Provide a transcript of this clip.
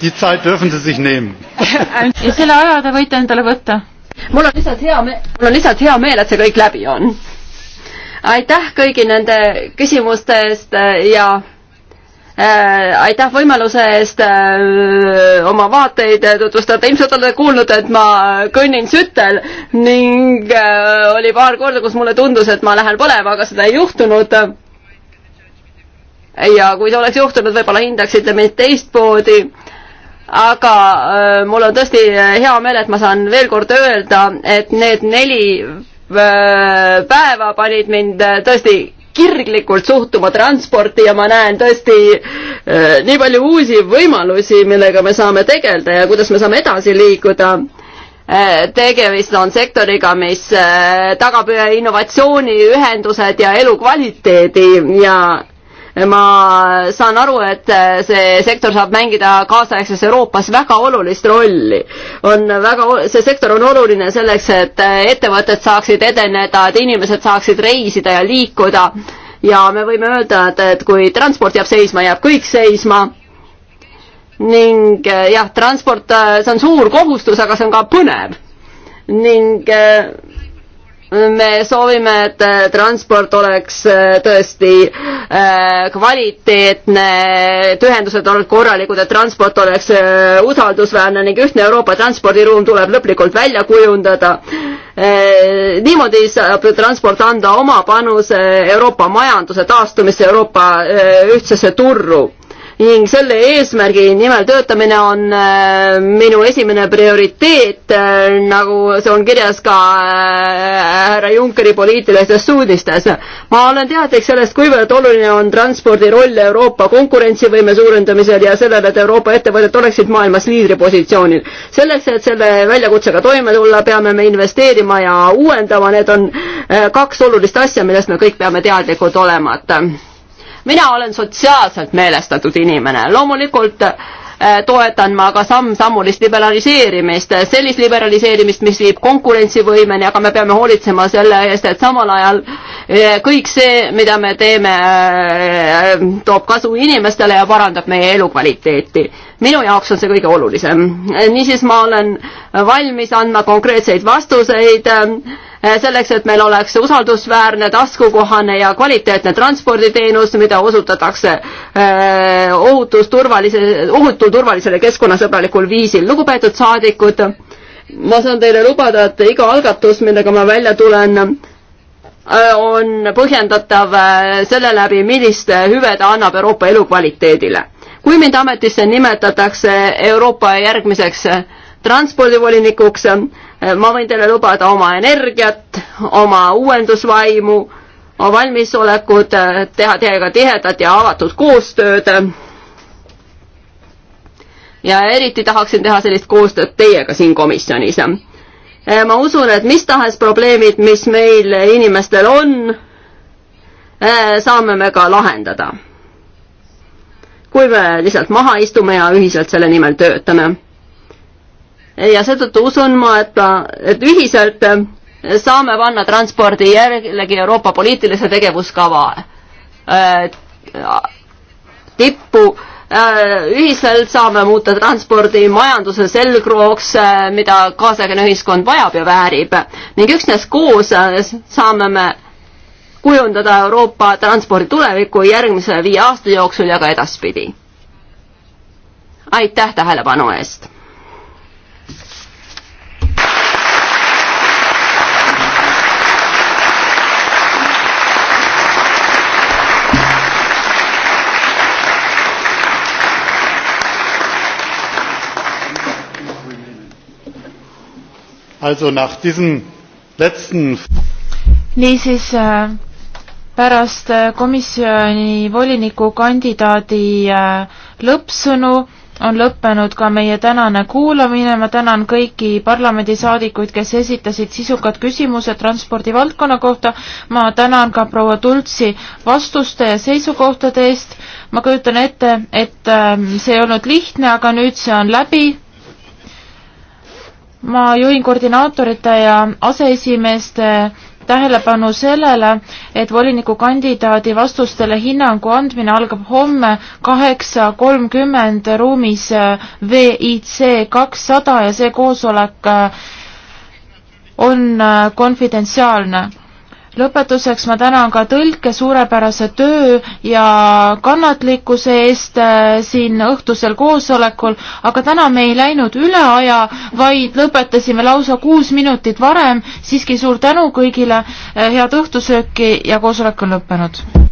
Die Zeit dürfen Sie sich nehmen. ja selle aja te võite endale võtta. mul on lihtsalt hea meel, mul on lihtsalt hea meel, et see kõik läbi on. aitäh kõigi nende küsimuste eest äh, ja äh, aitäh võimaluse eest äh, oma vaateid tutvustada, ilmselt olete kuulnud, et ma kõnnin sütel ning äh, oli paar korda, kus mulle tundus, et ma lähen põlema, aga seda ei juhtunud. ja kui see oleks juhtunud, võib-olla hindaksite mind teistmoodi aga äh, mul on tõesti äh, hea meel, et ma saan veel kord öelda, et need neli äh, päeva panid mind tõesti kirglikult suhtuma transporti ja ma näen tõesti eh, nii palju uusi võimalusi, millega me saame tegeleda ja kuidas me saame edasi liikuda eh,. tegemist on sektoriga, mis eh, tagab innovatsiooni, ühendused ja elukvaliteedi ja ma saan aru, et äh, see sektor saab mängida kaasaegses Euroopas väga olulist rolli. on väga, see sektor on oluline selleks, et äh, ettevõtted saaksid edeneda, et inimesed saaksid reisida ja liikuda ja me võime öelda, et, et kui transport jääb seisma, jääb kõik seisma. ning äh, jah, transport, see on suur kohustus, aga see on ka põnev. ning me soovime, et äh, transport oleks äh, tõesti äh, kvaliteetne, et ühendused oleks korralikud, et transport oleks usaldusväärne ning ühtne Euroopa transpordiruum tuleb lõplikult välja kujundada. niimoodi saab transport anda oma panuse Euroopa majanduse taastumisse, Euroopa ühtsesse turru ning selle eesmärgi nimel töötamine on äh, minu esimene prioriteet, äh, nagu see on kirjas ka äh, härra Junckeri poliitilistes suunistes. ma olen teadlik sellest, kuivõrd oluline on transpordi roll Euroopa konkurentsivõime suurendamisel ja sellele, et Euroopa ettevõtted oleksid maailmas liidripositsioonil. selleks, et selle väljakutsega toime tulla, peame me investeerima ja uuendama, need on kaks olulist asja, millest me kõik peame teadlikud olema, et mina olen sotsiaalselt meelestatud inimene, loomulikult äh, toetan ma ka samm-sammulist liberaliseerimist, sellist liberaliseerimist, mis viib konkurentsivõimeni, aga me peame hoolitsema selle eest, et samal ajal äh, kõik see, mida me teeme, äh, toob kasu inimestele ja parandab meie elukvaliteeti. minu jaoks on see kõige olulisem. niisiis ma olen valmis andma konkreetseid vastuseid Eh, selleks, et meil oleks usaldusväärne, taskukohane ja kvaliteetne transporditeenus, mida osutatakse eh, ohutus, turvalise, ohutul, turvalisel ja keskkonnasõbralikul viisil. lugupeetud saadikud, ma saan teile lubada, et iga algatus, millega ma välja tulen, eh, on põhjendatav selle läbi, millist hüve ta annab Euroopa elukvaliteedile. kui mind ametisse nimetatakse Euroopa järgmiseks transpordivolinikuks, Eh, ma võin teile lubada oma energiat, oma uuendusvaimu, oma valmisolekut eh, teha teiega tihedat ja avatud koostööd. ja eriti tahaksin teha sellist koostööd teiega siin komisjonis. Eh, ma usun, et mis tahes probleemid, mis meil inimestel on, saame me ka lahendada. kui me lihtsalt maha istume ja ühiselt selle nimel töötame ja seetõttu usun ma, et, et ühiselt saame panna transpordi jällegi Euroopa poliitilise tegevuskava äh, tippu äh, ühiselt saame muuta transpordi majanduse selgrooks, äh, mida kaasaegne ühiskond vajab ja väärib ning üksnes koos saame me kujundada Euroopa transpordi tulevikku järgmise viie aasta jooksul ja ka edaspidi. aitäh tähelepanu eest! Also nach diesen letzten niisiis äh, pärast äh, komisjoni volinikukandidaadi äh, lõppsõnu on lõppenud ka meie tänane kuulamine, ma tänan kõiki parlamendisaadikuid, kes esitasid sisukad küsimused transpordi valdkonna kohta, ma tänan ka proua Tultsi vastuste ja seisukohtade eest, ma kujutan ette, et see ei olnud lihtne, aga nüüd see on läbi ma juhin koordinaatorite ja aseesimeeste tähelepanu sellele, et volinikukandidaadi vastustele hinnangu andmine algab homme kaheksa kolmkümmend ruumis VIC kakssada ja see koosolek äh, on äh, konfidentsiaalne lõpetuseks ma tänan ka tõlke suurepärase töö ja kannatlikkuse eest äh, siin õhtusel koosolekul, aga täna me ei läinud üle aja, vaid lõpetasime lausa kuus minutit varem. siiski suur tänu kõigile, äh, head õhtusööki ja koosolek on lõppenud.